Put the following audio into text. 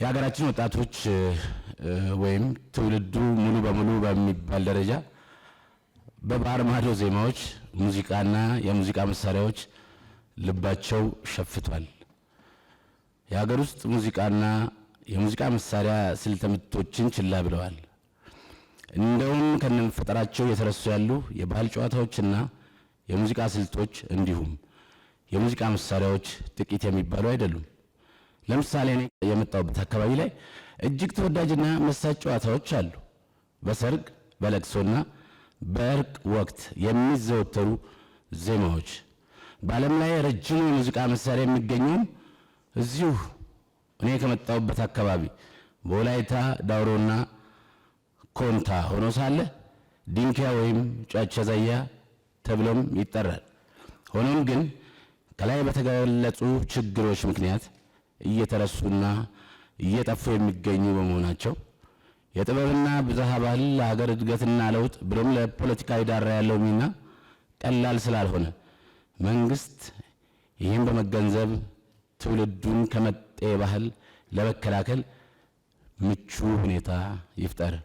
የሀገራችን ወጣቶች ወይም ትውልዱ ሙሉ በሙሉ በሚባል ደረጃ በባህር ማዶ ዜማዎች፣ ሙዚቃና የሙዚቃ መሳሪያዎች ልባቸው ሸፍቷል። የሀገር ውስጥ ሙዚቃና የሙዚቃ መሳሪያ ስልተ ምቶችን ችላ ብለዋል። እንደውም ከነፈጠራቸው የተረሱ ያሉ የባህል ጨዋታዎችና የሙዚቃ ስልቶች እንዲሁም የሙዚቃ መሳሪያዎች ጥቂት የሚባሉ አይደሉም። ለምሳሌ እኔ የመጣሁበት አካባቢ ላይ እጅግ ተወዳጅና መሳጭ ጨዋታዎች አሉ። በሰርግ በለቅሶና በእርቅ ወቅት የሚዘወተሩ ዜማዎች። በዓለም ላይ ረጅሙ የሙዚቃ መሳሪያ የሚገኘውም እዚሁ እኔ ከመጣሁበት አካባቢ በወላይታ ዳውሮና ኮንታ ሆኖ ሳለ ዲንኪያ ወይም ጫቸ ዘያ ተብሎም ይጠራል። ሆኖም ግን ከላይ በተገለጹ ችግሮች ምክንያት እየተረሱና እየጠፉ የሚገኙ በመሆናቸው የጥበብና ብዝሃ ባህል ለሀገር እድገትና ለውጥ ብሎም ለፖለቲካዊ ዳራ ያለው ሚና ቀላል ስላልሆነ መንግስት ይህን በመገንዘብ ትውልዱን ከመጤ ባህል ለመከላከል ምቹ ሁኔታ ይፍጠር።